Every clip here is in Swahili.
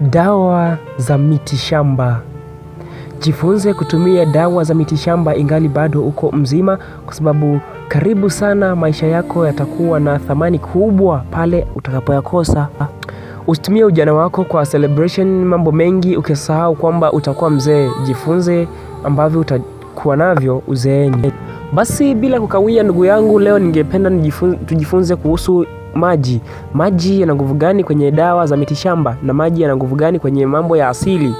Dawa za miti shamba Jifunze kutumia dawa za miti shamba ingali bado uko mzima, kwa sababu karibu sana maisha yako yatakuwa na thamani kubwa pale utakapoyakosa. Usitumie ujana wako kwa celebration, mambo mengi, ukisahau kwamba utakuwa mzee. Jifunze ambavyo utakuwa navyo uzeeni. Basi bila kukawia, ndugu yangu, leo ningependa tujifunze kuhusu maji. Maji yana nguvu gani kwenye dawa za mitishamba na maji yana nguvu gani kwenye mambo ya asili?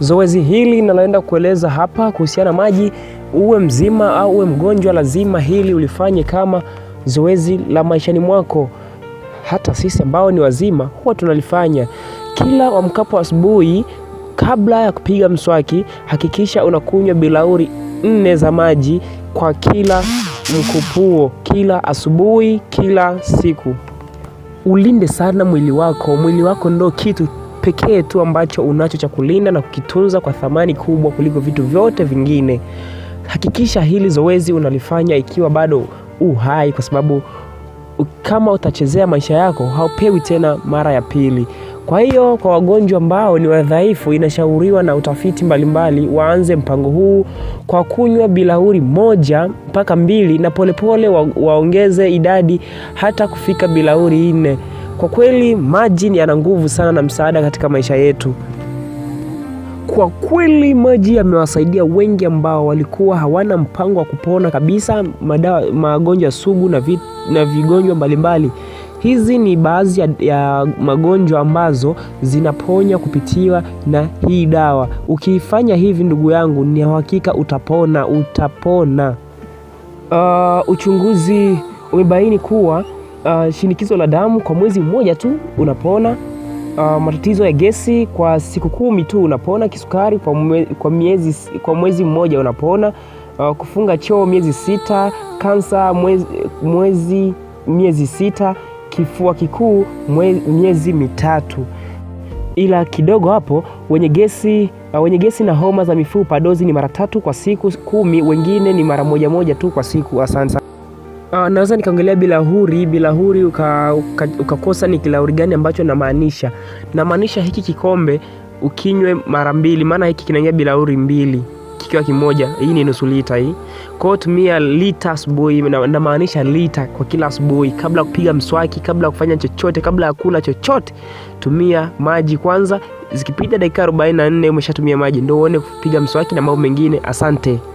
Zoezi hili ninaloenda kueleza hapa kuhusiana na maji, uwe mzima au uwe mgonjwa, lazima hili ulifanye kama zoezi la maishani mwako. Hata sisi ambao ni wazima huwa tunalifanya kila wamkapo asubuhi. Kabla ya kupiga mswaki, hakikisha unakunywa bilauri nne za maji kwa kila mkupuo kila asubuhi, kila siku. Ulinde sana mwili wako. Mwili wako ndo kitu pekee tu ambacho unacho cha kulinda na kukitunza kwa thamani kubwa kuliko vitu vyote vingine. Hakikisha hili zoezi unalifanya ikiwa bado u hai, kwa sababu kama utachezea maisha yako haupewi tena mara ya pili. Kwa hiyo kwa wagonjwa ambao ni wadhaifu, inashauriwa na utafiti mbalimbali mbali, waanze mpango huu kwa kunywa bilauri moja mpaka mbili na polepole pole waongeze idadi hata kufika bilauri nne. Kwa kweli maji yana nguvu sana na msaada katika maisha yetu. Kwa kweli maji yamewasaidia wengi ambao walikuwa hawana mpango wa kupona kabisa madawa, magonjwa sugu na, vi, na vigonjwa mbalimbali mbali. Hizi ni baadhi ya, ya magonjwa ambazo zinaponya kupitiwa na hii dawa. Ukiifanya hivi ndugu yangu, ni hakika utapona, utapona. Uh, uchunguzi umebaini kuwa uh, shinikizo la damu kwa mwezi mmoja tu unapona. Uh, matatizo ya gesi kwa siku kumi tu unapona. Kisukari kwa, mwe, kwa, miezi, kwa mwezi mmoja unapona. Uh, kufunga choo miezi sita, kansa mwezi, mwezi miezi sita kifua kikuu miezi mitatu, ila kidogo hapo. Wenye gesi, uh, wenye gesi na homa za mifupa dozi ni mara tatu kwa siku kumi, wengine ni mara moja moja tu kwa siku. Asante. Uh, naweza nikaongelea bilahuri. Bilahuri ukakosa uka, uka ni kilauri gani ambacho namaanisha? Namaanisha hiki kikombe ukinywe mara mbili, maana hiki kinaingia bilauri mbili kikiwa kimoja. Hii ni nusu lita hii. Kwa hiyo tumia lita asubuhi, namaanisha lita kwa kila asubuhi, kabla ya kupiga mswaki, kabla ya kufanya chochote, kabla ya kula chochote, tumia maji kwanza. Zikipita dakika 44 umeshatumia maji, ndio uone kupiga mswaki na mambo mengine. Asante.